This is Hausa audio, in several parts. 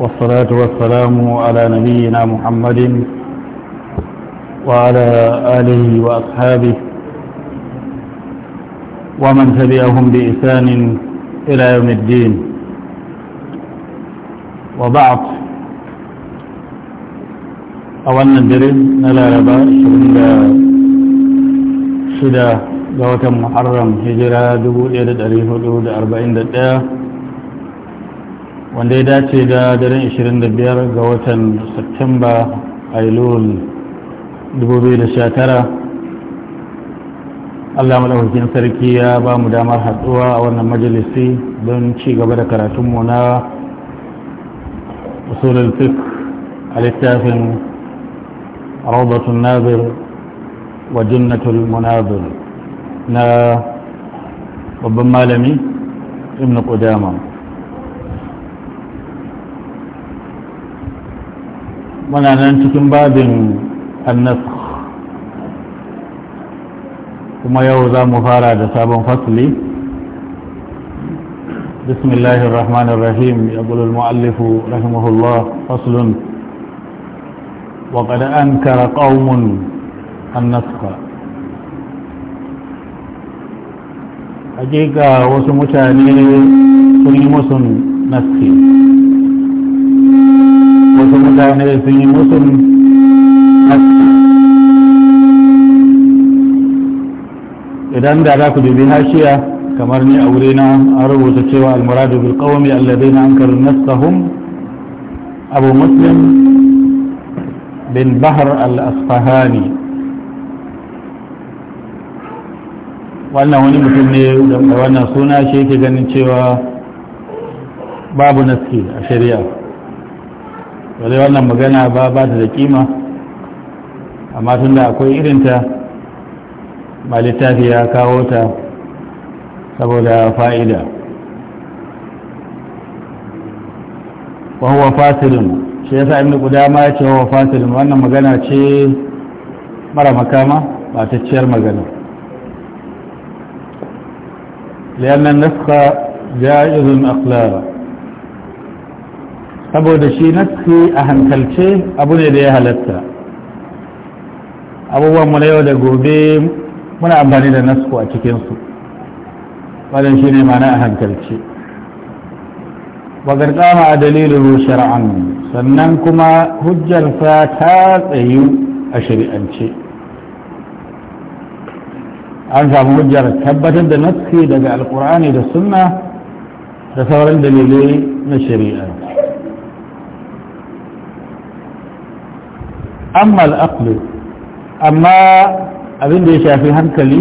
والصلاة والسلام على نبينا محمد وعلى آله وأصحابه ومن تبعهم بإسان إلى يوم الدين وبعض أولنا الدرس نلا لبا شدا ga watan muharram أربعين 1441 wanda ya dace da daren 25 ga watan Satumba Ailul 2019 Allah madaukakin sarki ya ba mu damar haɗuwa a wannan majalisi don ci gaba da karatunmu na usulul fiqh a littafin Rawdatun Nazir wa jinnatul Munazir na babban malami Ibn Qudamah muna nan cikin babin annas kuma yau za mu fara da sabon fasli بسم الله الرحمن الرحيم يقول المؤلف رحمه الله فصل وقد أنكر قوم النسخ حقيقة وسمتاني سلمس نسخي wasu mutane sun yi musun idan da za ku dubi hashiya kamar ni a wurina an rubuta cewa almuradu bil qawmi alladhina ankaru nafsahum abu muslim bin bahar al-asfahani wannan wani mutum ne da wannan suna shi yake ganin cewa babu naski a shari'a wale wannan magana ba ba ta da kima amma tun da akwai irinta ba littafi ya kawo ta saboda fa'ida wahuwa fasilin shi ya sa guda ma ya ce wahuwa fasilin wannan magana ce mara makama ba ta ciyar magana liyannan ja ja'izun aklara saboda shi nassi a hankalce abu ne da ya halatta abubuwan mu na yau da gobe muna amfani da nasku a cikinsu wadda shi ne mana a hankalce wagar a dalilin shari'an sannan kuma hujjarsa ta tsayu a shari'ance an samu hujjar tabbatar da nassi daga alkur'ani da sunna da sauran dalilai na shari'ar. amma al'aqlu amma abin da ya shafi hankali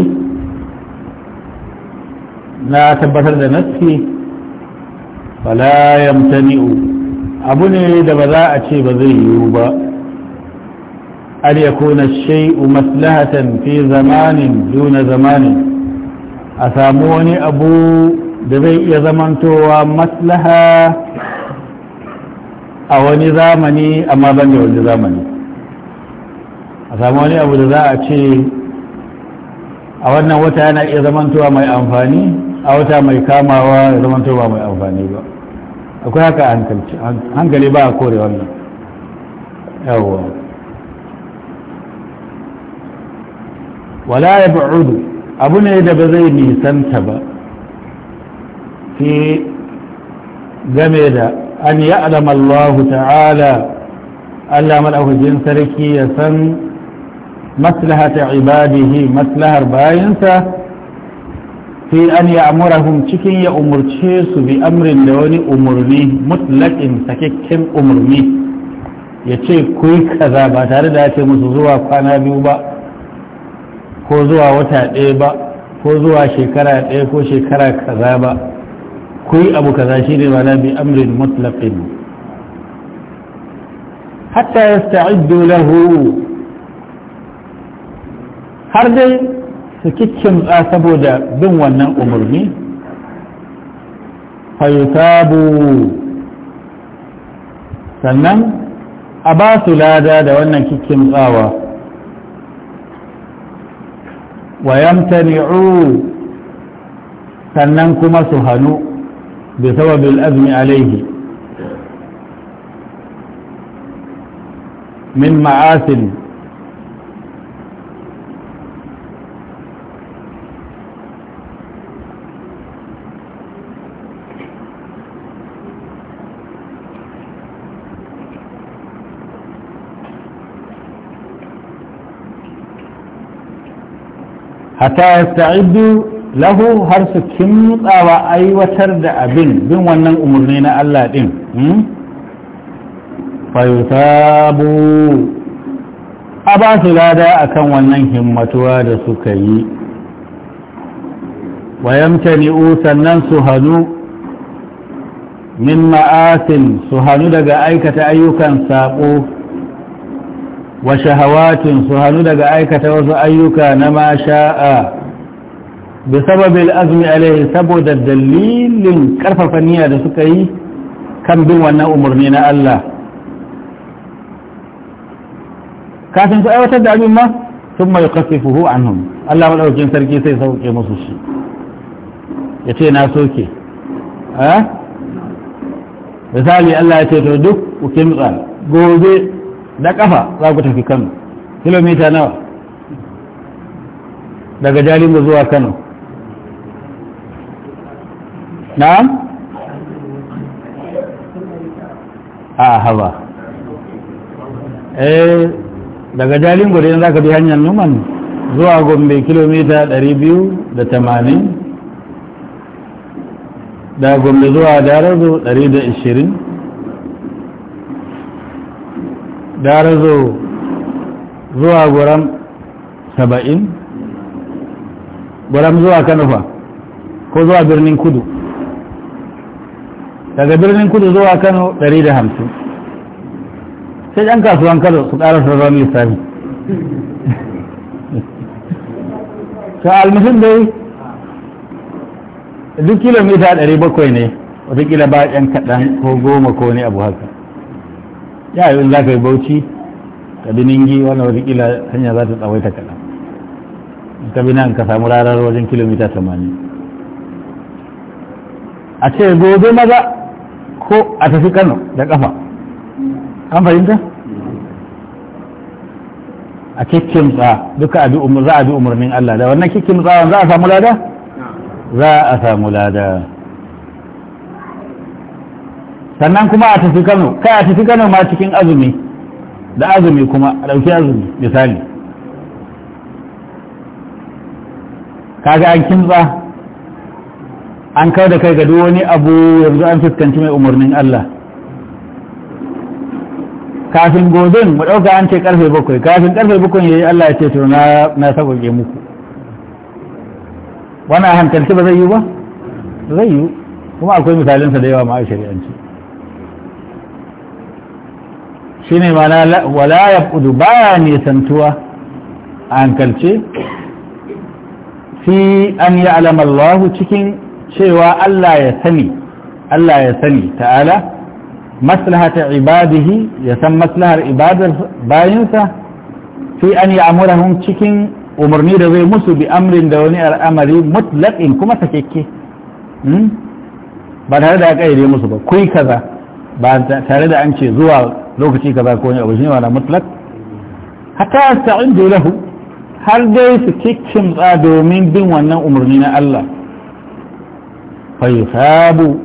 na tabbatar da nassi Wala yamtani'u abu ne da ba za a ce ba zai yiwu ba an yakuna shay'u maslahatan fi zamanin duna zamanin a samu wani abu da zai iya zamantowa maslaha a wani zamani amma ban da wani zamani a samu wani abu da za a ce a wannan wata yana iya zamantowa mai amfani a wata mai kamawa ya zamantowa mai amfani ba akwai haka hankali ba a kore wannan yawon wala ya ba'udu abu ne da ba zai nisanta ba fi game da an ya'lamallahu ta'ala Allah maɗaukacin sarki ya san Maslaha ta maslahata ibadihi maslahar bayansa fi an ya'murahum cikin ya umurce su bi amrin da wani umurni mutlaqin sakakken umarni ya ce ku yi kaza ba tare da ya ce musu zuwa kwana biyu ba ko zuwa wata ɗaya ba ko zuwa shekara ɗaya ko shekara kaza ba ku abu kaza shi ne ba bi amrin mutlaqin hatta yasta'iddu lahu har dai su kikkimtsa saboda bin wannan umarni fayutabu sannan a ba su lada da wannan kikkimtsawa wa yamtani'u sannan kuma su hannu bi sababil azumi alaihi min ma'asin hatta yasta'iddu lahu har su kimtsawa aiwatar da abin bin wannan umarni na Allah ɗin? Hmm? fa yusabu a ba su lada akan wannan himmatuwa da suka yi ni'u sannan su hannu min ma'asin su hannu daga aikata ayyukan saƙo wa shahawatin su hannu daga aikata wasu ayyuka na ma sha'a bi sababil azumi alaihi saboda dalilin karfafa niyya da suka yi kan bin wannan umarni na Allah kafin su aiwatar da abin ma sun mai kasifuhu anhum Allah maɗaukin sarki sai sauke musu shi ya ce na soke eh? misali Allah ya ce to duk ku kimtsa gobe da kafa za ku tafi kano kilomita nawa daga jalingo zuwa kano na'am a haba eh daga jalingo da za ka bi hanyar numan zuwa gombe kilomita 280 da gombe zuwa darazo 120 gara zo zuwa guram saba'in guram zuwa kanufa ko zuwa birnin kudu daga birnin kudu zuwa kano dari da hamsin sai ɗan kasuwan kano su ƙara sauran sami ta almuhim dai duk kilomita ɗari bakwai ne kila ba ɗan kaɗan ko goma ko ne abu haka ya yi za ka yi bauchi ka bi ningi wani watakila hanya za ta tsawaita kaɗan ka bi nan ka samu rarar wajen kilomita 80 a ce gobe maza ko a tafi kano da ƙafa an fahimta a tsa duka za a bi umarnin Allah da wannan tsawon za a samu lada za a samu lada sannan kuma a tafi kano kai a tafi kano ma cikin azumi da azumi kuma a ɗauki azumi misali kaga an kintsa an kawo da kai ga duk wani abu yanzu an fuskanci mai umarnin Allah kafin gobin mu ɗauka an ce karfe bakwai kafin karfe bakwai ya yi Allah ya ce to na sauƙaƙe muku wani hankalci ba zai yi ba zai yi kuma akwai misalinsa da yawa ma shari'anci shi ne wala ya kudu baya nisantuwa a hankalce fi an yi alamallahu cikin cewa Allah ya sani Allah ya sani ta'ala maslahata ibadihi ya san maslahar ibadar bayansa fi an yi amurahun cikin umarni da zai musu bi amrin da wani al'amari mutlaƙin kuma sakekke hmm? ba tare da ya musu ba kuyi kaza ba tare da an ce zuwa lokaci kaza ko wani abu ne wala mutlak hatta da lahu har dai su kicin tsa domin bin wannan umarni na Allah fa sabu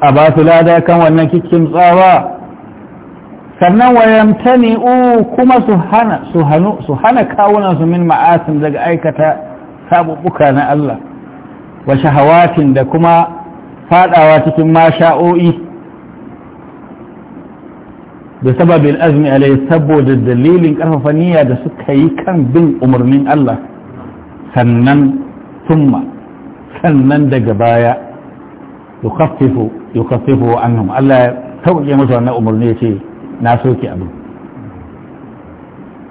a ba su lada kan wannan kicin ba. sannan wayamtani u kuma su hana su hanu su hana kawunan su min ma'asin daga aikata sabubuka na Allah wa shahawatin da kuma fadawa cikin masha'o'i da sababin azumi alai saboda dalilin karfafa niyya da suka yi kan bin umarnin Allah sannan summa sannan daga baya yukaffifu yukaffifu annum Allah ya sauke masa wannan umarni yace na soke abu.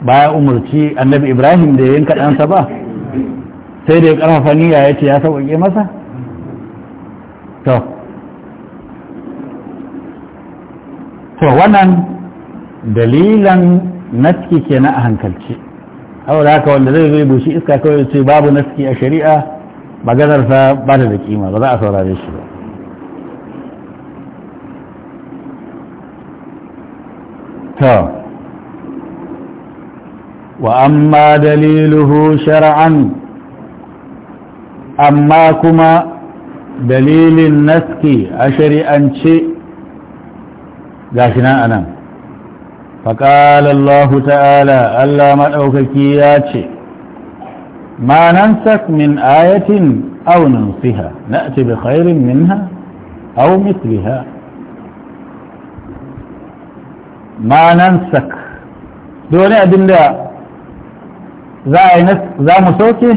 baya umarci annabi Ibrahim da yanka sa ba sai da ya karfafa niyya yace ya sauke masa to to wannan dalilan naski kenan a hankalci saboda haka wanda zai zai bushi iska kawai ce babu naski a shari'a maganarsa ba ta da kima ba za a saurare shi ba to wa amma daliluhu shar'an amma kuma dalilin naski a shari'ance shi nan anan فقال الله تعالى ألا مدعوككي ياتي ما ننسك من آية أو ننصها نأتي بخير منها أو مثلها ما ننسك دون أدن لا ذا مسوكه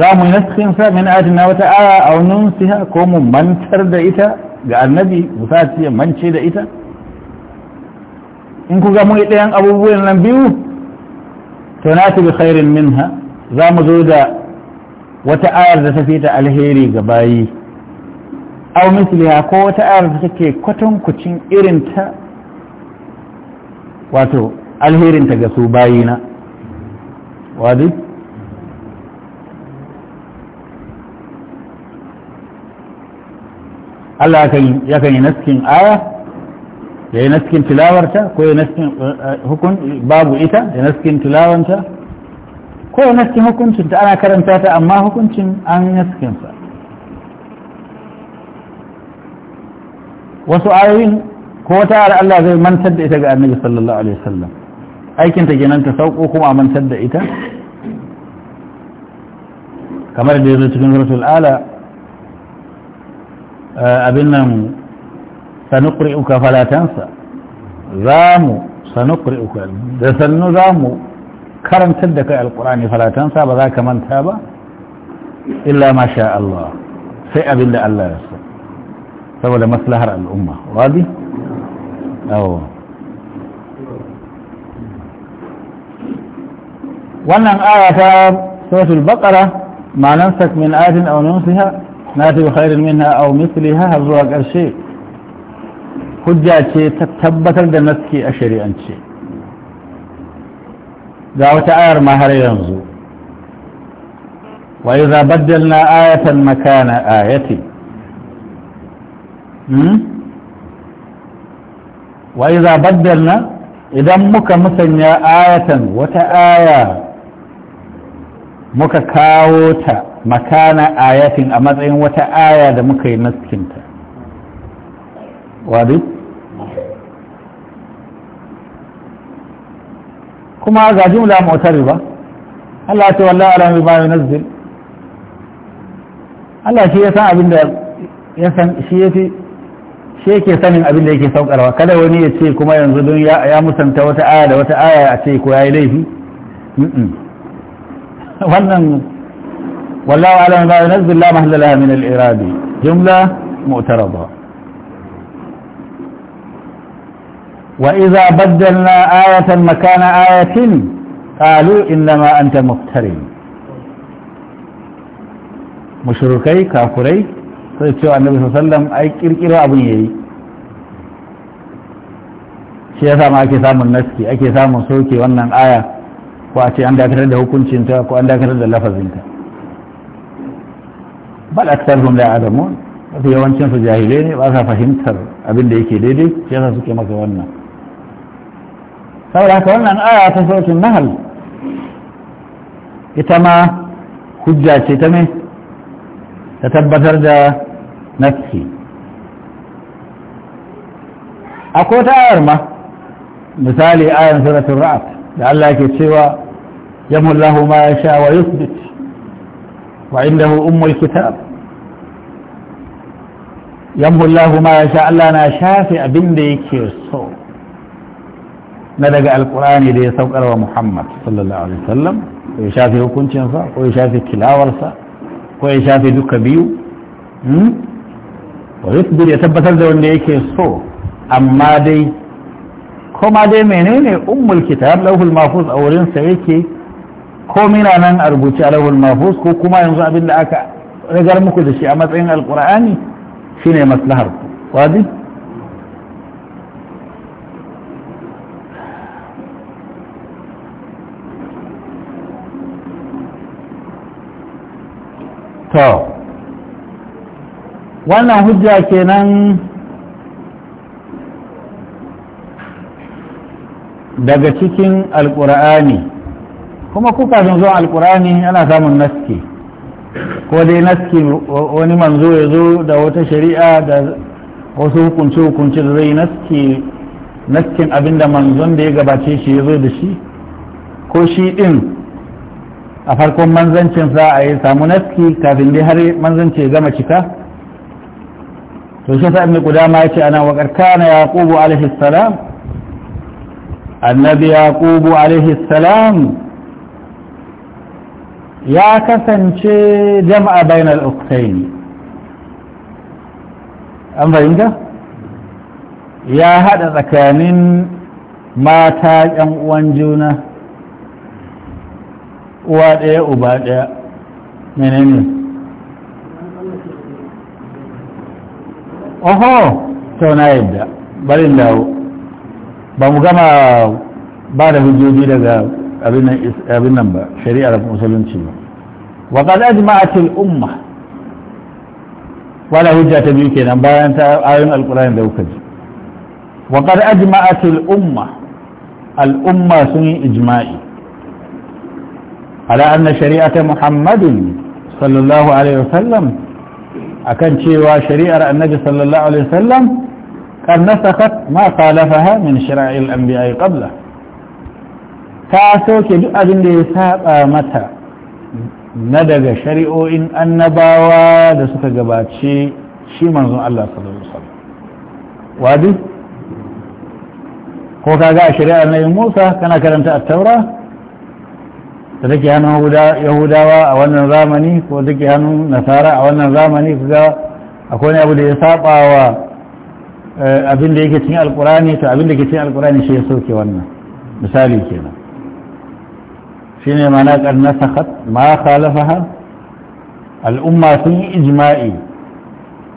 ذا منسخنسا من آياتنا وتعالى أو ننسها كوم من ترد إتا قال النبي مساتيا من شيد إتا in ku ga mun ɗayan abubuwan nan biyu to na fi khairin minha za mu zo da wata ayar da ta fita alheri ga bayi aw misliha ko wata ayar da take irin ta? wato alherinta ga su bayi na, wadi Allah ya kan yi naskin aya ya yi naskin tilawarta ko ya naskin eh, eh, hukun babu ita ya naskin tilawanta ko ya naskin hukuncinta ana karanta ta amma hukuncin an naskinsa wasu ayoyin ko wata ara Allah zai mantar da ita ga annabi sallallahu alaihi wasallam ta kenan ta sauko kuma a mantar da ita kamar da ya cikin suratul ala eh, abin nan سنقرئك فلا تنسى زامو سنقرئك دسلنو زامو كرم تدك القرآن فلا تنسى بذاك من تاب إلا ما شاء الله سئ بالله ألا يسا فولا مسلحة الأمة غادي أو وانا آية سورة البقرة ما ننسك من آية أو ننسها ناتي بخير منها أو مثلها هل رواك الشيء hujja ce ta tabbatar da naske a shari'ance ga wata ayar ma har yanzu wa iza na ayatan makana ayati hmm? wa iza baddalna idan muka musanya ayatan wata aya muka kawo ta makana ayatin a matsayin wata aya da muka yi naskinta wadi kuma ga jumla motar ba Allah ta walla ala ma yunzil Allah shi ya san abin da ya san shi yafi shi yake sanin abin da yake saukarwa kada wani ya ce kuma yanzu don ya musanta wata aya da wata aya a ce ko yayi laifi wannan wallahu ala ma yunzil la mahalla min al-iradi jumla mu'tarada وإذا بدلنا آية مكان آية قالوا إنما أنت مفتري مشركي كافري sai cewa annabi sallam ai kirkiro abin yayi shi yasa ma ake samun naski ake samun soke wannan aya ko a ce an dakatar da hukuncin ta ko an dakatar da lafazin ta bal aktarhum la adamun yawancin su jahilai ne ba sa fahimtar abin da yake daidai shi yasa suke maka wannan saboda haka wannan aya ta sautin nahal ita ma hujja ce ta mai ta tabbatar da nafsi akwai ta ayar ma misali ayar suratun ra'ad da Allah ke cewa yamullahu ma ya sha wa yusbit wa indahu ummul kitab yamullahu ma ya sha Allah na shafi abin da yake so na daga alkur'ani da ya saukar wa muhammad sallallahu alaihi wasallam ko ya shafi hukuncinsa ko ya shafi tilawarsa ko ya shafi duka biyu hmm? wa yusbir ya tabbatar da wanda yake so amma dai ko ma dai menene ummul kitab lauhul mahfuz a wurin sa yake ko mina nan a rubuce a mahfuz ko kuma yanzu abin da aka rigar muku da shi a matsayin alkur'ani shine maslahar ku wadi to wannan hujja kenan daga cikin alkur'ani kuma kuka kafin zo alkur'ani yana samun naski ko dai naski wani manzo ya zo da wata shari'a da wasu hukunci hukunce da zai naski naskin abinda manzon da ya gabace shi ya zo da shi ko shi din a farkon manzancin za a yi samu naski kafin dai har manzanci gama cika to shi sa mai kudama ya ce ana waƙar kana yaqubu alaihi salam annabi yaqubu alaihi salam ya kasance jama'a bainal uktayn an fahimta ya haɗa tsakanin mata yan uwan juna uwa ɗaya uba ɗaya menene oho to na yadda barin dawo ba mu gama ba da hujjoji daga abin nan ba shari'ar musulunci ba wa qad ajma'at al umma wala hujja ta biyu kenan bayan ta ayoyin alqur'ani da kuka ji wa qad ajma'at al umma al umma sun yi ijma'i على أن شريعة محمد صلى الله عليه وسلم أكن شيوى شريعة النبي صلى الله عليه وسلم قد نسخت ما خالفها من شرائع الأنبياء قبله تأسوك أبن ليساب متى ندق شريء إن النباوى دسك قبات شيء شيء منظوم الله صلى الله عليه وسلم وادي ko kaga a shari'ar nabi Musa kana karanta at-Taura da take hannun yahudawa a wannan zamani ko take hannun nasara a wannan zamani kuga akwai abu da ya saba wa eh, abin da yake cin alkurani to abin da ke cin alkurani shi ya sauke wannan misali kenan shi ne mana karnar sakat ma khalafaha al'umma sun yi ijma'i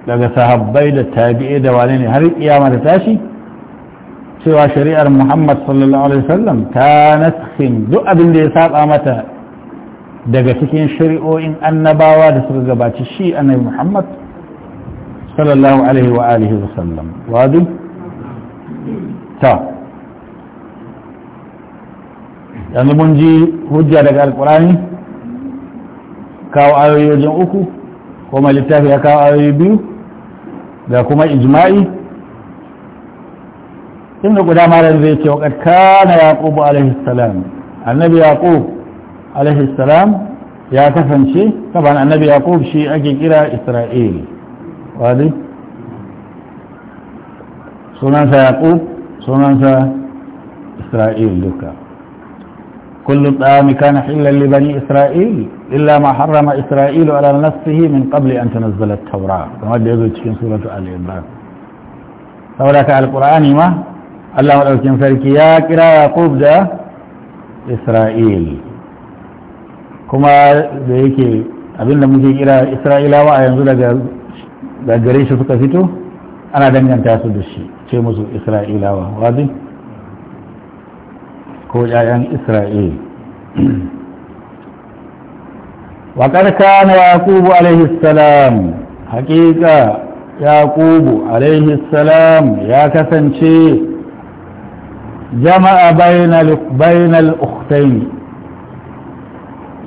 daga sahabbai da tabi'i da wane ne har iyama da tashi cewa shari'ar Muhammad sallallahu alaihi wasallam ta naskin duk abin da ya saba mata daga cikin shari'o'in annabawa da suka gabaci shi annabi Muhammad sallallahu alaihi wa alihi wasallam wadi ta yanzu mun ji hujja daga alkurani kawo ayoyi wajen uku kuma littafi ya kawo ayoyi biyu da kuma ijma'i inda guda malar zai ce waƙar kana yaƙubu alaihissalam annabi yaƙub alaihissalam ya kasance saban annabi yaƙub shi ake kira isra'il wadi sunansa yaƙub sunansa isra'il duka كل الطعام كان حلا لبني إسرائيل إلا ما حرم إسرائيل على نفسه من قبل أن تنزل التوراة كما يقول في سورة آل عمران فولاك على القرآن ما Allah maɗaukin sarki ya kira Yaqub da Isra'il kuma da yake abinda muke kira Isra'ilawa a yanzu daga gare shi suka fito ana danganta su da shi ce musu Isra'ilawa wadi ko ‘ya'yan Isra'il waƙar kana Yaqubu alaihi salam haƙiƙa Yaqubu alaihi salam ya kasance جمع بين بين الأختين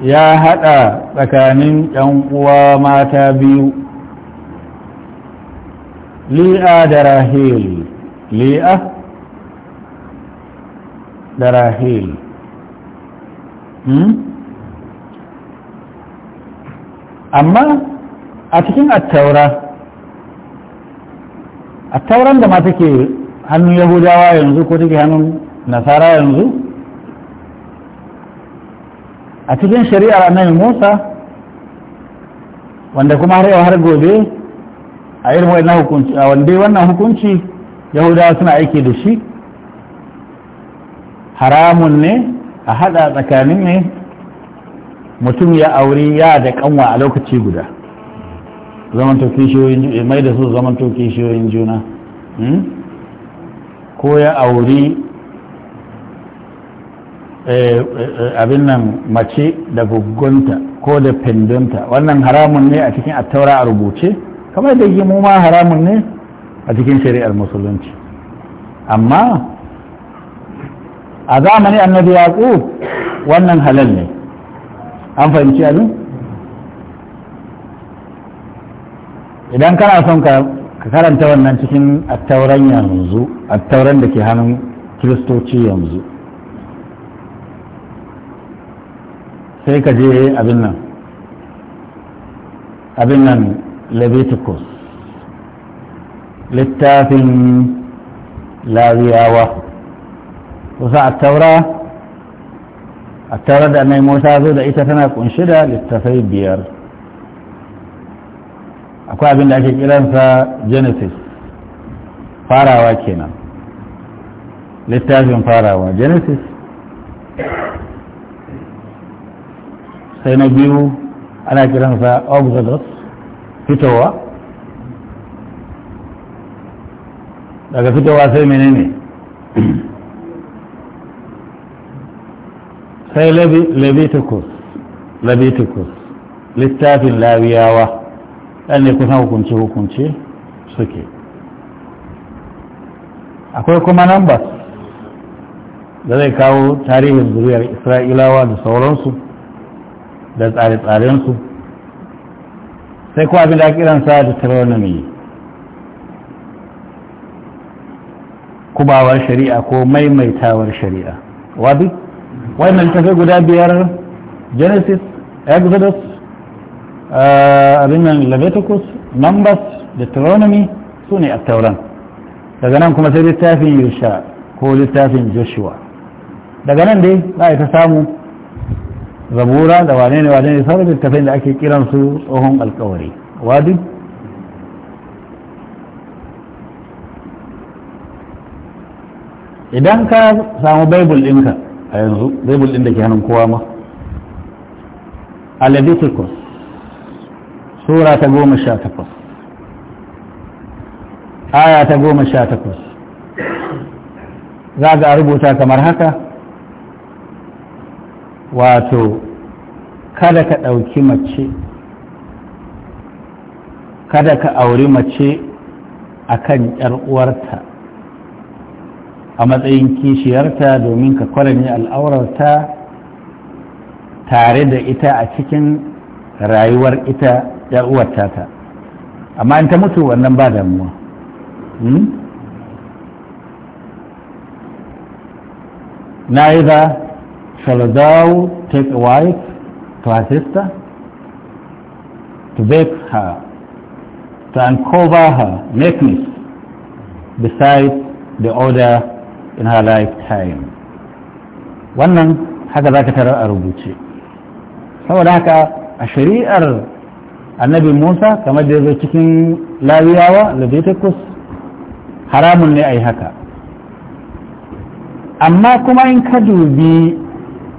يا هدا تكانين ينقوى ما تابيو ليئة دراهيل ليئة دراهيل amma a cikin attaura attauran da ma take hannun yahudawa yanzu ko take hannun nasara yanzu a cikin shari'ar annabi musa wanda kuma har yau har gobe a irin wannan hukunci a wanda wannan hukunci yahudawa suna aiki da shi haramun ne a hada tsakanin ne mutum ya auri ya da kanwa a lokaci guda zaman to kishiyoyin mai da su zaman to kishiyoyin juna hmm? ko ya auri eh, eh, abin nan mace da gugunta ko da pendonta wannan haramun ne a cikin attaura a rubuce kamar da yi ma haramun ne a cikin shari'ar musulunci amma a zamani annabi yaƙo wannan halal ne an fahimci abin idan kana son ka ka karanta wannan cikin attauran yanzu attauran da ke hannun kiristoci yanzu sai ka je abin nan abin nan leviticus littafin lariyawa kusa attaura attaura da annai musa zo da ita tana kunshi da littafai biyar akwai abin da ake kiransa genesis farawa kenan littafin farawa genesis sai na biyu ana kiransa oxodus fitowa daga fitowa sai menene sai leviticus leviticus littafin lawiyawa Ɗan ne kusan hukunce-hukunce suke akwai kuma ba da zai kawo tarihin zuriyar isra'ilawa da sauransu da tsare-tsarensu sai kuma abin da kiransa da taronomy kubawar shari'a ko maimaitawar shari'a wadu wannan tafi guda biyar genesis exodus abin nan leviticus numbers deuteronomy su ne a tauran daga nan kuma sai littafin yusha ko littafin joshua daga nan dai za a ta samu zabura da wane ne wane ne sauran littafin da ake kiransu tsohon alkawari wadi idan ka samu baibul ɗinka a yanzu baibul ɗin da ke hannun kowa ma a leviticus sura ta goma sha takwas aya ta goma sha takwas za ga rubuta kamar haka wato kada ka ɗauki mace kada ka auri mace a kan uwarta a matsayin kishiyarta domin ka kwaranye al'aurarta tare da ita a cikin rayuwar ita yar uwar tata amma in ta mutu wannan ba damuwa hmm? neither shall thou take a wife to her sister to vex her to uncover her meekness besides the order in her lifetime wannan haka za ka tarar a rubuce saboda haka a shari'ar annabi musa kamar da zai cikin lawiyawa leviticus haramun ne a haka amma kuma in ka dubi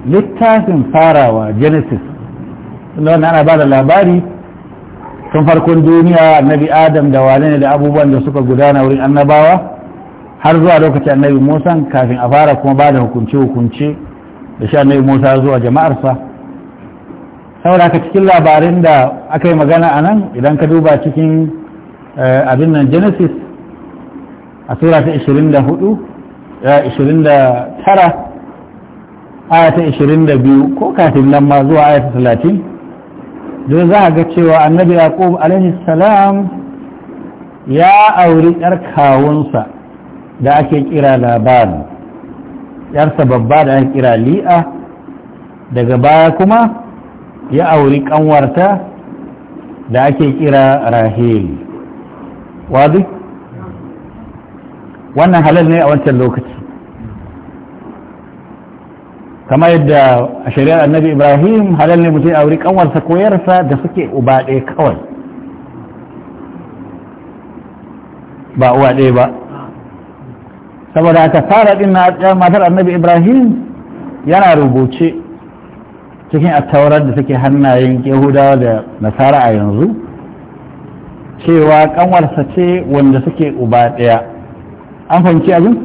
littafin farawa genesis wannan ana ba da labari tun farkon duniya annabi adam da wane ne da abubuwan da suka gudana wurin annabawa har zuwa lokacin annabi musa kafin a fara kuma bada hukunce-hukunce da shi annabi musa zuwa jama'arsa saboda ka cikin labarin da aka yi magana a nan idan ka duba cikin eh, abin nan genesis a tura ta 24 29 aya ta 22 ko kafin nan ma zuwa aya ta 30 don za a ga cewa annabi yaqub alaihi salam ya auri yar kawunsa da ake kira labarin yarsa babba da ake kira li'a daga baya kuma ya auri kanwarta da ake kira rahil wadu wannan halal ne a wancan lokaci kama yadda a shari'ar annabi ibrahim halal ne mutum ya auri kanwarsa ko yarsa da suke uba ɗaya kawai ba uwa ɗaya ba saboda haka fara ɗin na matar annabi ibrahim yana rubuce cikin attaurar da take hannayen yahudawa da nasara a yanzu cewa kanwarsa ce wanda suke uba ɗaya an fahimci abin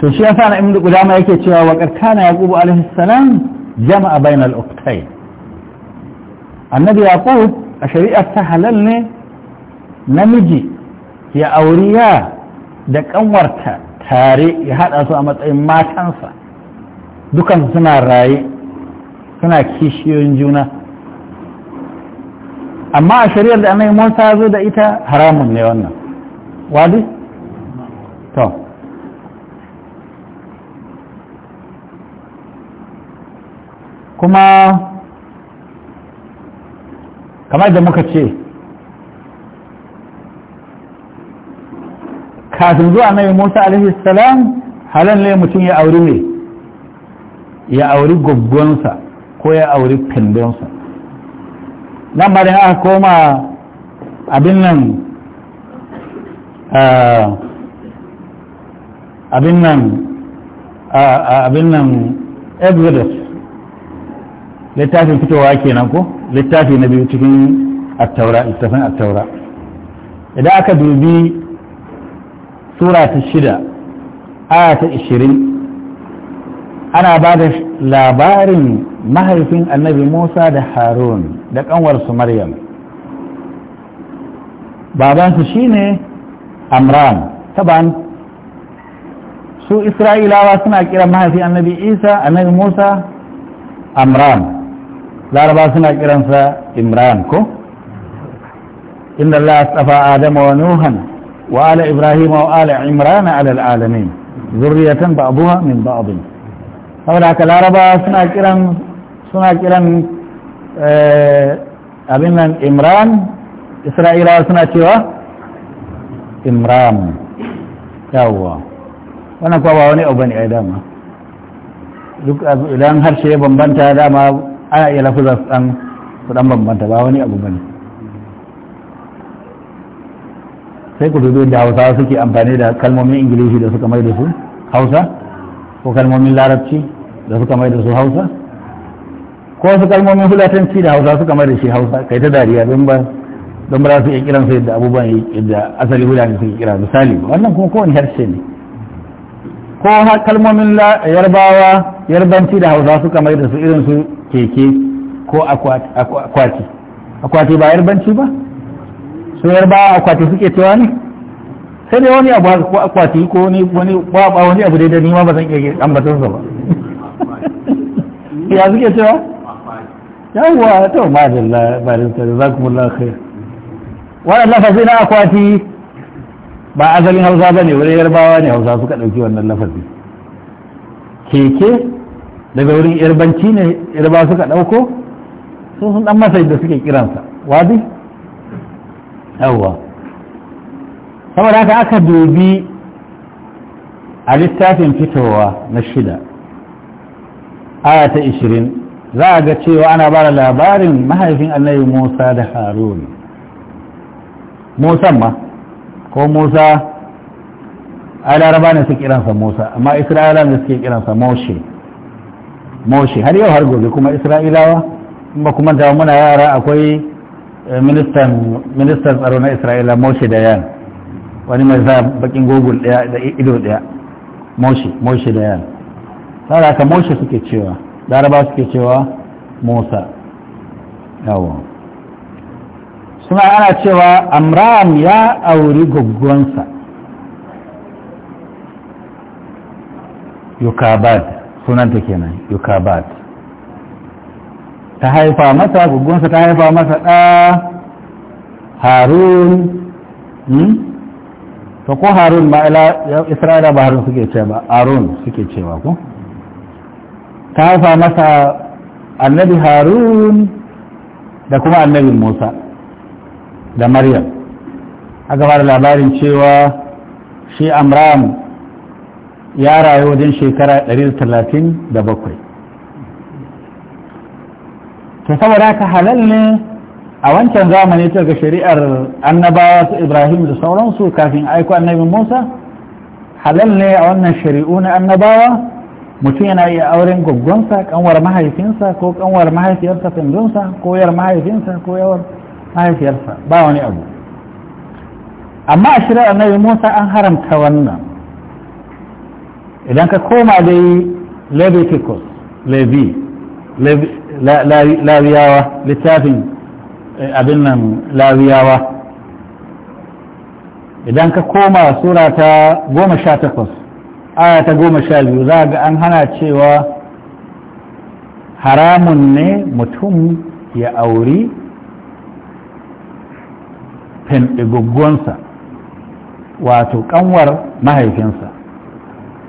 to shi ya sa na imdu gudama yake cewa wakar kana yaqubu alaihi jam'a jama'a bayan al'uktai annabi ya ku a shari'ar ta halal ne namiji ya auriya da kanwarta tare ya haɗa su a matsayin matansa dukan suna raye suna kishiyoyin juna amma a shari'ar da annabi Musa zo da ita haramun ne wannan wadi to kuma kamar da muka ce kafin zuwa annabi Musa a.s. salam ne mutum ya auri ne ya auri gwaggwansa ko ya auri kandonsa nan ba da aka koma abin nan ah, abin nan ah, ah, abin nan exodus littafin fitowa kenan ko littafi na biyu cikin attaura littafin attaura idan aka dubi sura ta shida aya ta ishirin ana ba da labarin mahaifin annabi musa da harun da ƙanwarsu maryam babansu shine amram taban su isra'ilawa suna kiran mahaifin annabi isa annabi musa amram laraba suna kiransa imran ko inda allah astafa adama wa nuhan wa ala ibrahim wa ala imran ala al'alamin zurriyatan ba'duha min ba'dhin saboda haka laraba suna kiran suna kiran eh, abin nan imran isra'ilawa suna cewa imran yawwa wannan kuwa ba wani abu ne ai dama duk idan harshe ya bambanta dama ana iya lafi su dan su dan bambanta ba wani abu bane sai ku dubi da hausawa suke amfani da kalmomin ingilishi da suka mai da su hausa ko kalmomin larabci da suka mai da su hausa ko su kalmomin fulatanci da hausa suka mai da shi hausa kai ta dariya don ba don ba za su iya kiran su yadda abubuwan yadda asali fulani suke kira misali wannan kuma kowane harshe ne ko kalmomin yarbawa yarbanci da hausa suka mai da su irin su keke ko akwati akwati ba yarbanci ba su yarbawa akwati suke cewa ne sai dai wani abu ko akwati ko wani wani kwaba wani abu dai da nima ba zan iya ambaton sa ba ya suke cewa yawwa to ma dalla barin sa jazakumullahu khair wannan lafazi na akwati ba azalin hausa ba ne wurin yarbawa ne hausa suka ɗauki wannan lafazi keke daga wurin yarbanci ne yarba suka ɗauko sun sun dan masa yadda suke kiransa wadi yawwa saboda haka aka dubi a littafin fitowa na shida aya ta ishirin za a ga cewa ana ba labarin mahaifin annabi musa da harun musan ma ko musa a laraba ne suke kiransa musa amma isra'ila ne suke kiransa moshe moshe har yau har gobe kuma isra'ilawa ba kuma da muna yara akwai eh, ministan tsaro na isra'ila moshe da yana wani mai za bakin gogul daya da ido daya moshi moshi da yan tsara aka moshi suke cewa daraba suke cewa musa yawo suna ana cewa amram ya auri yukabad sunan sunanta kenan yukabad ta haifa masa gaggonsa ta haifa masa ɗa harun hmm? to ko harun ma isra'ila ba harun suke ce ba harun suke cewa ko ta haifa masa annabi harun da kuma annabi musa da maryam aka fara labarin cewa shi amram ya rayu wajen shekara 137 ta saboda ka halal ne a wancan zamani ta ga shari'ar annabawa ta ibrahim da sauransu kafin aiko annabin musa halal ne a wannan shari'u na annabawa mutum yana iya auren gwaggonsa kanwar mahaifinsa ko kanwar mahaifiyarsa tundunsa ko yar mahaifinsa ko yawar mahaifiyarsa ba wani abu amma a shari'ar annabi musa an haramta wannan idan ka koma dai leviticus levi laviyawa littafin Eh, abin nan lawiyawa idan ka koma sura ta goma sha takwas aya ta goma sha biyu za ga an hana cewa haramun ne mutum ya auri fendigoggonsa wato kanwar mahaifinsa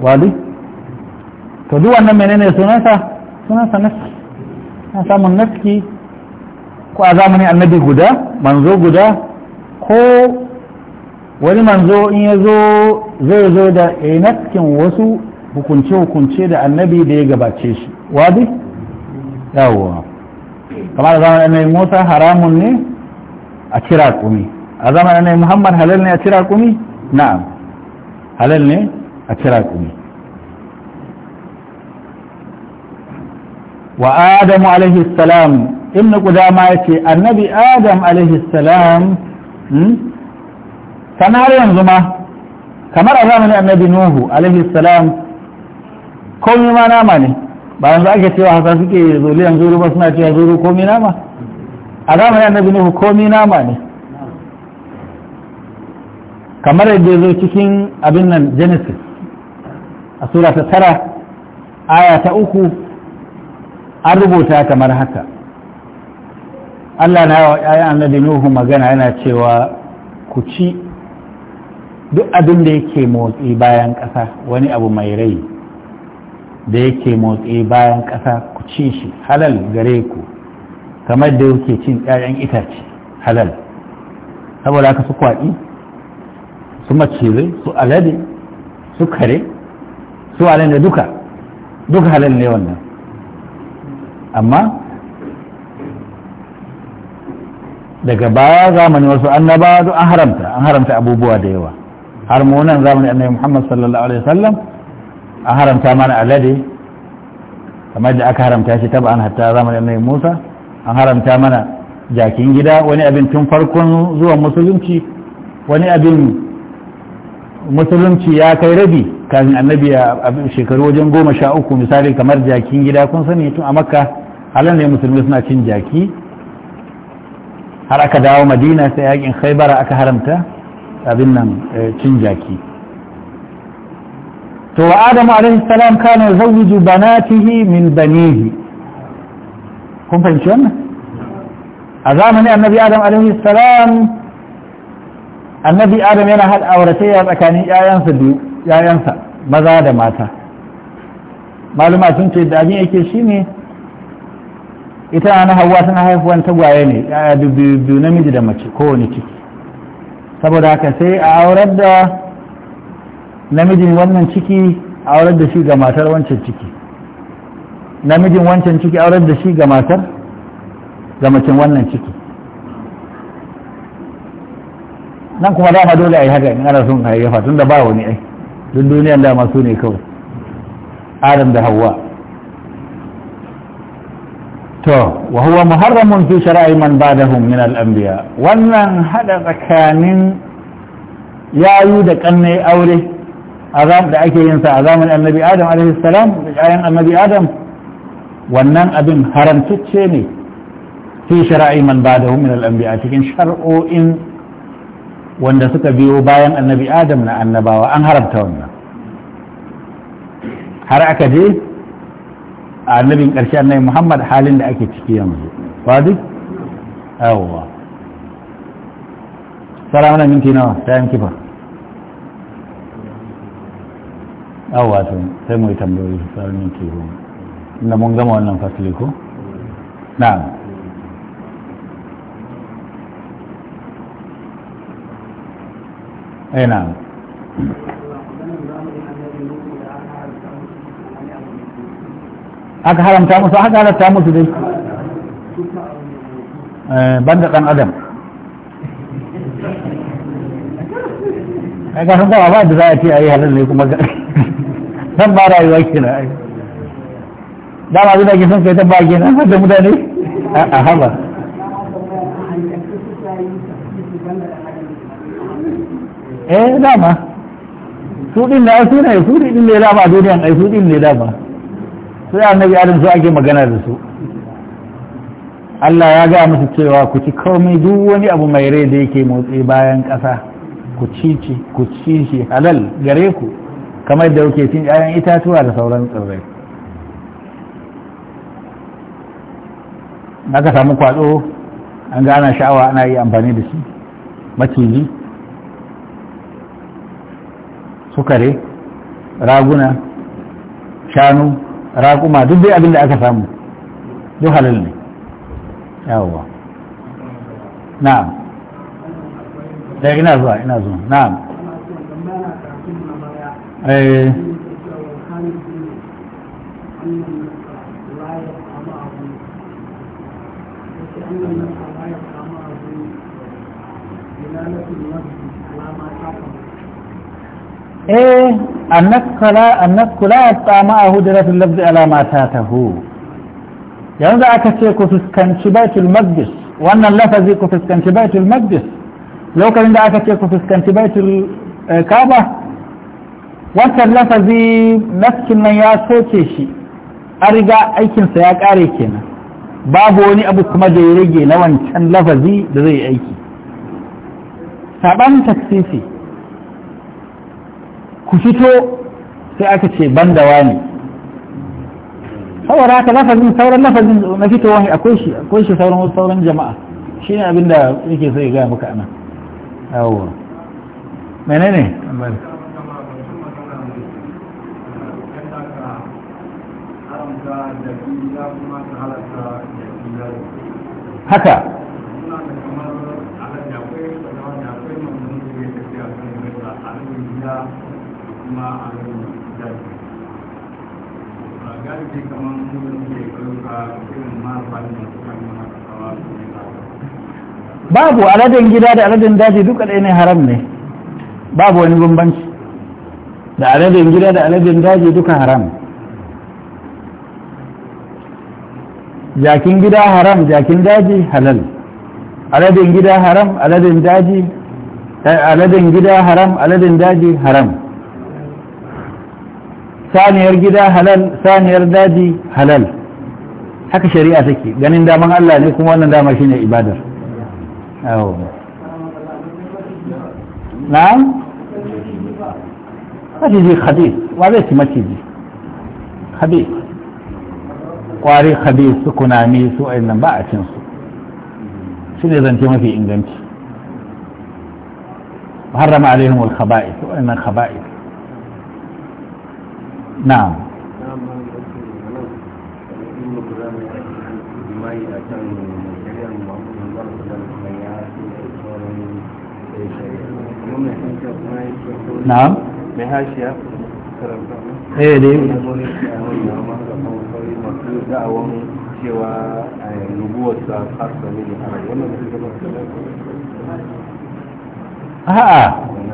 wadi to duk wannan menene sunansa sunansa naski na samun naski ko a zamanin annabi guda manzo guda ko wani manzo in ya zo zai zo da naskin wasu hukunce-hukunce da annabi da ya gabace shi wadi? yawon kamar da zamanin annabi musa haramun ne a cira kumi a zamanin annabi muhammad halal ne a cira kumi? na'am halal ne a cira kumi wa adamu alaihi salam ibn ya ce annabi adam alaihi salam sanar hmm? yanzu ma kamar a zamanin annabi nuhu alaihi salam komai ma nama ne ba yanzu ake cewa hasa suke zoliyan zuru ba suna cewa zuru komi nama a zamanin annabi nuhu komi nama ne kamar yadda ya zo cikin abin nan genesis a sura ta tara aya ta uku an rubuta kamar haka Allah na yawa ‘ya'yan annabi Nuhu magana yana cewa ku ci duk abin da yake motsi bayan ƙasa wani abu mai rai da yake motsi bayan ƙasa ku ci shi halal gare ku kamar da yake cin ‘ya'yan itace halal saboda haka su kwaɗi su macizai su alade su kare su alade duka duka halal ne wannan amma daga baya zamanin wasu annaba duk an haramta an haramta abubuwa da yawa har mu nan zamanin annabi Muhammad sallallahu alaihi wasallam an haramta mana alade kamar da aka haramta shi ba'an hatta zamanin annabi Musa an haramta mana jakin gida wani abin tun farkon zuwan musulunci wani abin musulunci ya kai rabi kafin annabi a shekaru wajen goma sha uku misali kamar jakin gida kun sani tun a makka halin ne musulmi suna cin jaki har aka dawo madina sai yakin khaibara aka haramta abin nan eh, cin jaki to wa adamu alaihi salam kana zawwiju banatihi min banihi kun fahimci wannan a zamanin annabi adam alaihi salam annabi adam yana hada auratayya tsakanin yayansa biyu yayansa maza da mata maluma sun ce da abin yake shine ita na hawa tana haifuwan tagwaye ne ya biyu namiji da mace kowane ciki saboda haka sai a aurar da namijin wannan ciki a aurar da shi ga matar wancan ciki namijin wancan ciki aurar da shi ga matar ga macin wannan ciki nan kuma dama dole a yi haka in ana son hayayyafa tun da ba wani ai duk duniyar dama su ne kawai adam da hawa to wa huwa muharramun fi shara'i man ba'dahum min al-anbiya wannan hada tsakanin yayu da kanne aure azab da ake yin sa a zamanin annabi adam alaihi salam da ayan annabi adam wannan abin haramtacce ne fi shara'i man ba'dahum min al-anbiya cikin shar'o'in wanda suka biyo bayan annabi adam na annabawa an haramta wannan har aka je annabin ƙarshe annabi Muhammad halin da ake ciki yanzu wadi yawwa sara mana minti nawa ta yanki fa yawwa to sai mu yi tambayoyi tsawon minti goma inda mun gama wannan fasili ko na'am ai eh, na'am aka haramta musu aka halatta musu dai eh, banda ɗan adam ai ga san ba da za a ce a yi ne kuma san ba rayuwa na ai ba abin da ke son kai ta ba kenan na da mutane a haba eh dama su din da su ne su din ne dama duniyan ai su din ne dama sai annabi adam su ake magana da su Allah ya ga musu cewa ku ci komai duk wani abu mai rai da yake motsi bayan kasa ku ci ci ku ci shi halal gare ku kamar da kuke cin 'ya'yan itatuwa da sauran tsirrai ka samu kwatso an ga ana sha'awa ana yi amfani da shi maciji sukare raguna shanu raƙuma duk dai abin da aka samu duk halal ne yawwa na'am da ina zuwa ina zuwa na'am eh annas kula ya tsama a hudurar lafzi alama ta taho yanzu aka ce ku fuskanci baitul magdis wannan lafazi ku fuskanci baitul magdis lokacin da aka ce ku fuskanci baitul kaba wannan lafazi maskin nan ya soce shi a riga aikinsa ya ƙare kenan babu wani abu kuma da ya rage na wancan lafazi da zai yi aiki saban taksisi. ku fito sai aka ce banda wani saboda haka lafazin sauran lafazin na fito wani akwai shi akwai shi sauran sauran jama'a ne abin da yake sai gaya muka ana yawo mene ne haka Yeah. ma a yau da ba galibi kamar mutum ke ɗauka irin marfani da suka nuna kasawa su ne babu aladen gida da aladen daji duka ɗaya ne haram ne babu wani bambanci da aladen gida da aladen daji duka haram jakin gida haram jakin daji halal aladen gida haram aladen daji eh, aladen gida haram aladen daji haram ثاني يرجدا هلال ثاني يردادي هلال حكى شريعه تكي غنين دا من الله ني كوم wannan dama shine ibada او نعم هذه دي خبيث وليس مسجد خبيث قاري خبيث سكنا مي سو اين ما اتين شنو اذا انت ما في انجنت محرم عليهم الخبائث وان الخبائث na'am na'am mai hashiya eh dai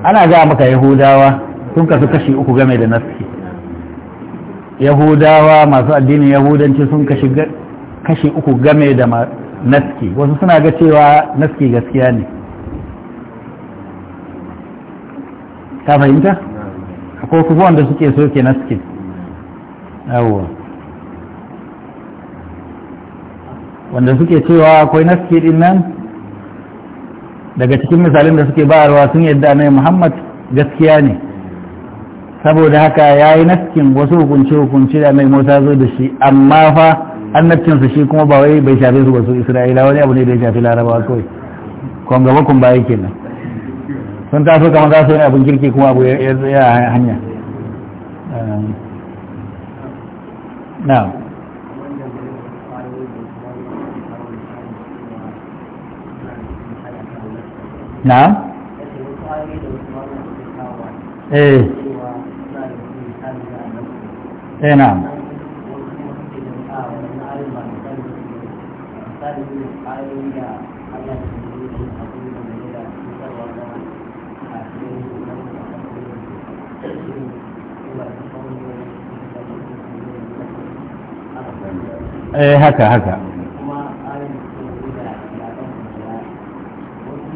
ana ga maka yahudawa sun kasu kashi uku game da naski yahudawa masu addinin yahudanci sun kashi uku game da naski wasu suna ga cewa naski gaskiya ne ta fahimta? ko kuma wanda suke soke naski yawon wanda suke cewa akwai naski din nan daga cikin misalin da suke bayarwa sun yadda na muhammad gaskiya ne saboda haka ya yi naskin wasu hukunce-hukunce da mai musa zo da shi amma fa an su shi kuma ba wai bai shafe su wasu isra'ila wani abu ne da ya shafi larabawa kawai kwanga gaba kun baya kenan sun taso kamar za su yi abin kirki kuma abu ya tsaya hanya na um, na? eh eh na'am eh haka haka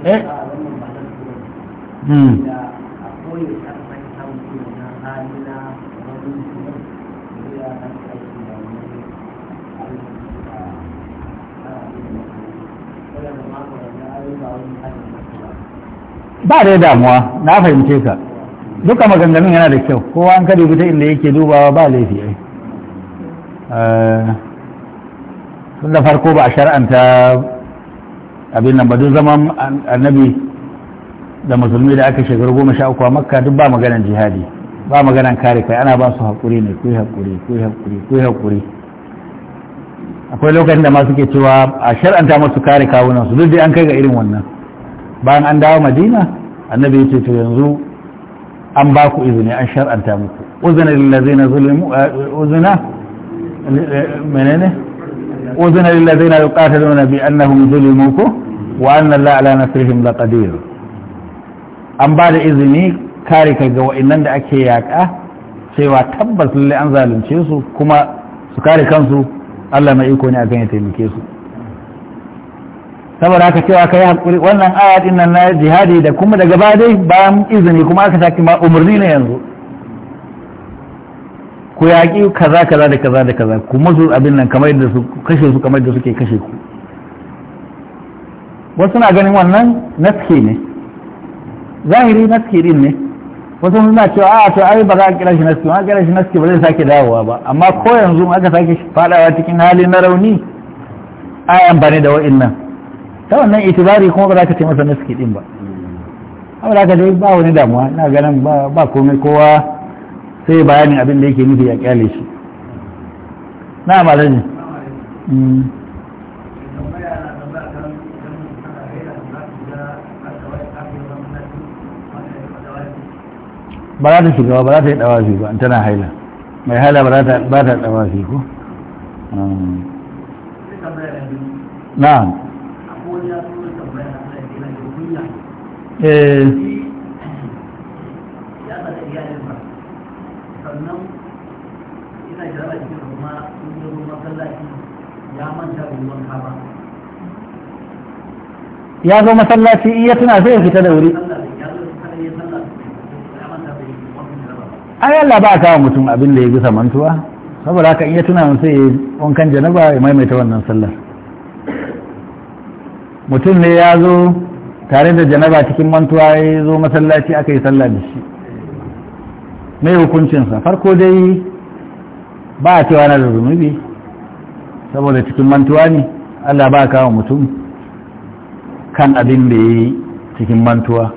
eh ba da damuwa na fahimce ka duka maganganun yana da kyau kowa an kada ta inda yake dubawa ba laifi ai eh, tun da farko ba a shar'anta abin nan ba duk zaman annabi da musulmi da aka shekaru goma sha uku a makka duk ba maganan jihadi ba maganan kare kai ana ba su haƙuri ne ku haƙuri ku haƙuri ku haƙuri akwai lokacin da ma suke cewa a shar'anta masu kare kawunan su duk dai an kai ga irin wannan bayan an dawo madina annabi ya ce to yanzu an ba ku izini an shar'anta muku uzina lillazina zulimu eh, uzina menene uzina lillazina yuqatiluna bi annahum zulimu ku wa anna allaha ala nasrihim laqadir an ba da izini kare ka ga wa'annan da ake yaƙa cewa tabbas lalle an zalunce su kuma su kare kansu Allah mai iko ne akan ya taimake su saboda aka cewa kai hakuri wannan aya din nan na jihadi da kuma daga ba dai bayan izini kuma aka saki ma umarni ne yanzu ku yaƙi kaza kaza da kaza da kaza ku musu abin nan kamar da su kashe su kamar da suke kashe ku wasu na ganin wannan naske ne zahiri naske din ne wasu suna cewa a to ai ba za a kira shi naske ba kira shi naske ba zai sake dawowa ba amma ko yanzu aka sake fadawa cikin hali na rauni ayan bane da wa'in nan ta wannan itibari kuma ba za ka ce masa suke din ba amma da ka dai ba wani damuwa na ganin ba komai kowa sai bayanin abin da yake nufi a kyale shi na malaji mm. ba za ta shiga ba za ta yi dawafi ba in tana haila mai haila ba za ta dawafi ko mm. na'am Eh, ya zo masallaci iya tuna zai ya fita da wuri ai Allah ba a kawo mutum abin da ya gusa mantuwa saboda haka iya tuna sai ya wankan janaba ya maimaita wannan sallar mutum ne ya zo tare da janaba cikin mantuwa ya zo masallaci aka yi sallah da shi mai hukuncinsa farko dai ba a cewa na da zunubi saboda cikin mantuwa ne allah ba kawo mutum kan abin da ya yi cikin mantuwa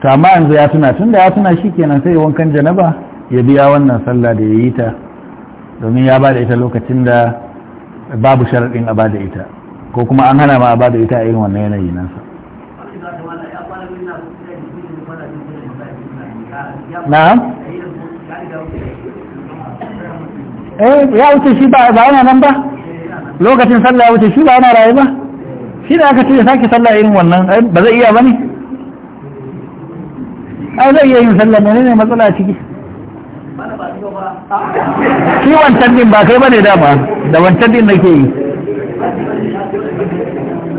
to amma yanzu ya tuna tun da ya tuna shi kenan sai wankan janaba ya biya wannan sallah da ya yi ta domin ya ba da ita lokacin da babu sharaɗin a ba da ita ko kuma an hana ma a ba da ita a irin wannan yanayi nasa na'am eh ya wuce shi ba ba yana nan ba lokacin sallah ya wuce shi ba yana rayuwa? shi da aka ce ya sake sallah irin wannan eh, ba zai iya ba ne ai zai iya yin sallah ne ne matsala ciki shi wancan din ba kai ba ne dama da wancan din nake yi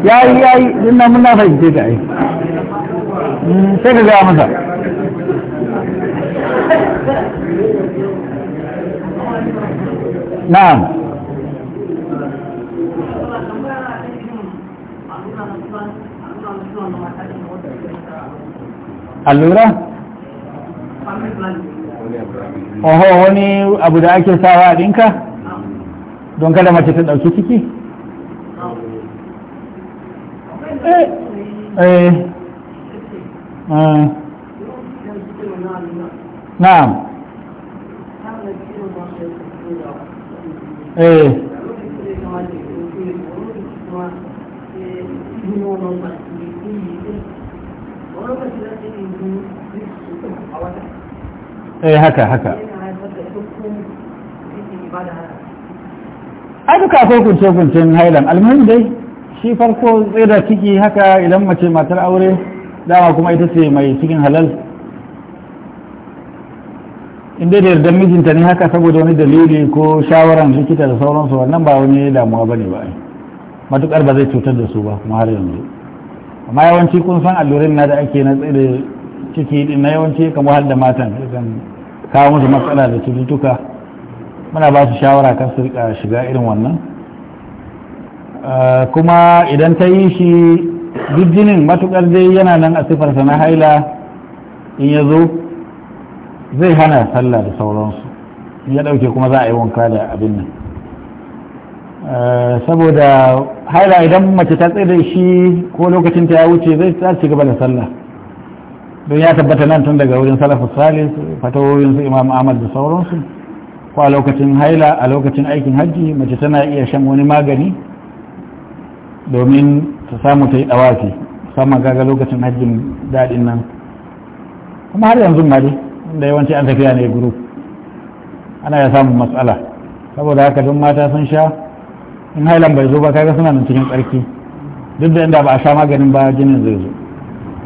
ya yi ya yi din na muna fahimce ka ai mm, sai ka gaya masa na'am allura? oho wani abu da ake sawa a ɗinka? don kada mace ta ɗauki ciki? eh eh ah. na'am e haka haka ai duka akwai kunce-kuncen hailan almuhim dai shi farko tsaye ciki haka idan mace matar aure dama kuma ita ce mai cikin halal in dai da yardar mijinta ne haka saboda wani dalili ko shawaran likita da sauransu wannan ba wani damuwa bane ba matukar ba zai cutar da su ba kuma har yanzu amma yawanci kun san allurin na da ake na tsire ciki din na yawanci kan wahal da matan kan kawo musu matsala da cututtuka muna ba su shawara kan su rika shiga irin wannan ah, kuma idan ta yi shi duk jinin matukar dai yana nan a sifarsa na haila in ya zo zai hana sallah da sauransu ya dauke kuma za a yi wanka da abin nan eh, saboda haila idan mace ta tsaye shi ko lokacin ta ya wuce zai ta ci gaba da sallah don ya tabbata nan tun daga wurin salafu salis fatawoyin su imam ahmad da sauransu ko a lokacin haila a lokacin aikin hajji mace tana iya shan wani magani domin ta samu ta yi dawaki musamman kaga lokacin hajjin daɗin nan kuma har yanzu ma dai da yawanci an tafiya ne guru ana ya samun matsala saboda haka don mata sun sha in hailan bai zo ba kaga suna nan cikin tsarki duk da inda ba a sha maganin ba jinin zai zo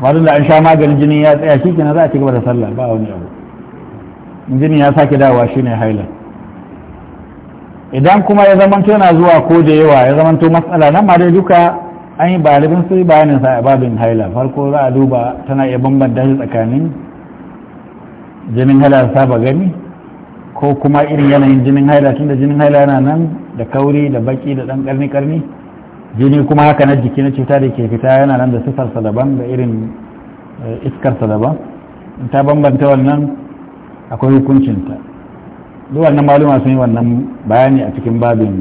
ba da an sha maganin jinin ya tsaya shi kenan za a ci gaba da sallah ba wani abu jinin ya sake dawowa shine hailan idan kuma ya zama yana zuwa ko da yawa ya zamanto matsala nan ma dai duka an yi balibin su bayanin sa a babin haila farko za a duba tana iya bambanta tsakanin jinin haila saba gani ko kuma irin yanayin jinin haila tun da jinin haila yana nan da kauri da baki da dan karni karni jini kuma haka na jiki na cuta da ke fita yana nan da sifarsa daban da irin eh, iskar daban ta bambanta wannan akwai hukuncinta duk wannan maluma sun yi wannan bayani a cikin babin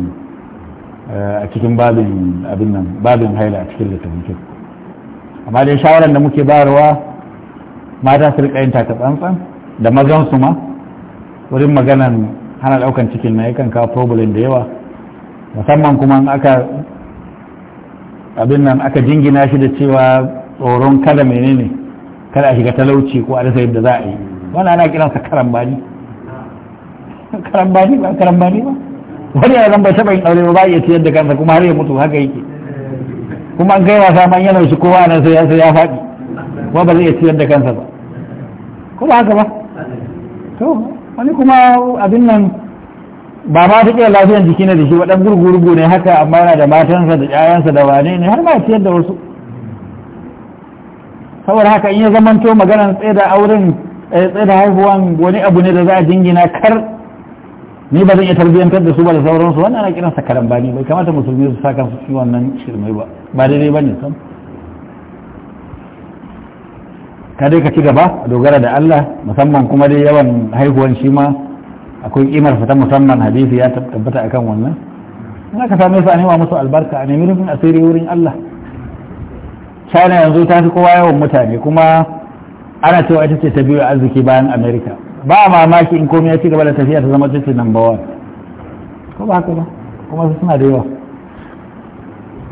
eh, a cikin babin abin nan babin haila a cikin littafin amma dai shawaran da muke bayarwa mata su rika yin ta tsantsan da mazansu ma wurin maganan hana daukan cikin na yakan kawo problem da yawa musamman kuma aka abin nan aka jingina shi da cewa tsoron kada menene kada a shiga talauci ko a rasa yadda za a yi wani ana kiransa karambani karambani ba karambani ba wani zan bai taɓa yin aure ba ba iya ciyar da kansa kuma har ya mutu haka yake kuma an kai wasa man yana shi kowa nan sai ya faɗi kuma ba zai iya ciyar da kansa ba kuma haka ba to wani kuma abin nan ba ma ta kiyar lafiyar jiki na jiki shi waɗan gurgurgu ne haka amma yana da matansa da ƴaƴansa da wane ne har ma ciyar da wasu saboda haka in ya zamanto maganar tsaye da auren eh, tsaye da haihuwan wani abu ne da za a jingina kar ni ba zan iya tarbiyyantar da su ba da sauransu wannan ana kiransa karambani bai kamata musulmi su sa kansu cikin wannan shirme ba ba daidai ba ne sam ka dai ka ci gaba dogara da Allah musamman kuma dai yawan haihuwan shi ma akwai kimar ta musamman hadisi ya tabbata akan wannan in aka same su a nema musu albarka a nemi rufin asiri wurin Allah China yanzu ta fi kowa yawan mutane kuma ana cewa ita ce ta biyu arziki bayan America ba mamaki in komai ya ci gaba da tafiya ta zama cikin number one ko ba haka ba kuma su suna da yawa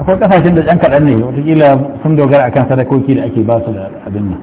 akwai kasashen da ƴan kaɗan ne watakila sun dogara akan sadakoki da ake ba su da abin nan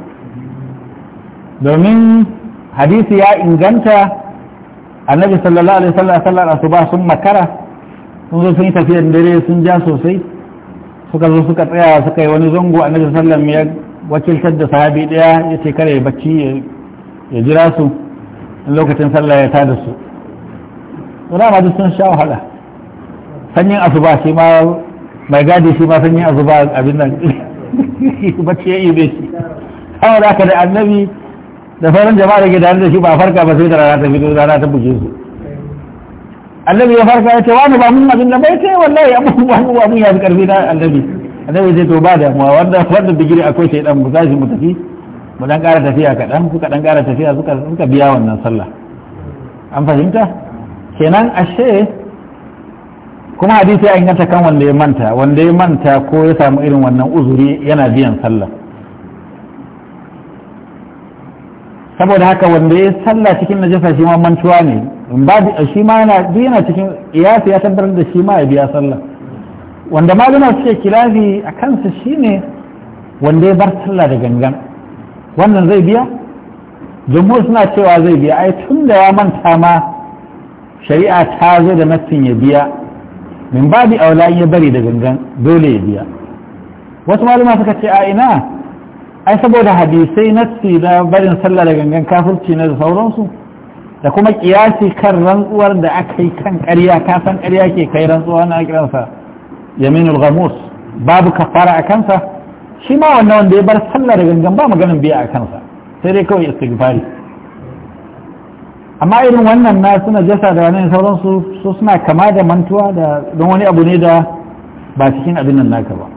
domin hadisi ya inganta annabi sallallahu alaihi wasallam sallar asuba sun makara sun zo sun yi tafiyar dare sun ja sosai suka zo suka tsaya suka yi wani zango annabi sallallahu ya wakiltar da sahabi daya ya ce kare bacci ya jira su lokacin sallah ya tada su wala ma duk sun sha wahala sanyin asuba shi ma mai gadi shi ma sanyin asuba abin nan bacci ya yi bai shi da aka da annabi da sauran jama'a da ke tare da shi ba farka ba sai da rana ta fito rana ta buge su annabi ya farka ya ce wani ba mun abin da bai ce wallahi abubuwan mun ya fi karfi na annabi annabi zai to ba mu wanda wanda digiri akwai shaidan mu tashi mu tafi mu dan ƙara tafiya kaɗan suka dan ƙara tafiya suka suka biya wannan sallah an fahimta kenan ashe kuma hadisi ya inganta kan wanda ya manta wanda ya manta ko ya samu irin wannan uzuri yana biyan sallah saboda haka wanda ya sallah cikin najasa shi ma mantuwa ne shi ma yana duk yana cikin iyasi ya tabbatar da shi ma ya biya sallah wanda malama suke kilafi a kansa shine wanda ya bar sallah da gangan wannan zai biya jumhur suna cewa zai biya ai tun da ya manta ma shari'a ta zo da nassin ya biya min babi aula ya bari da gangan dole ya biya wasu maluma suka ce a ina ai saboda hadisai na na barin sallah da gangan kafirci na da sauransu da kuma kiyasi kan rantsuwar da aka yi kan ƙarya ka san ƙarya ke kai rantsuwa na kiransa yaminul ghamus babu kafara a kansa shi ma wannan wanda ya bar sallah da gangan ba maganin biya a kansa sai dai kawai istighfari amma irin wannan na suna jasa da wani sauransu su suna kama da mantuwa da don wani abu ne da ba cikin abin nan naka ba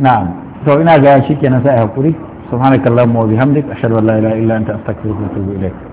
na'am to ina ga shi kenan sai hakuri subhanakallahumma wa bihamdik ashhadu an la ilaha illa anta astaghfiruka wa atubu ilaik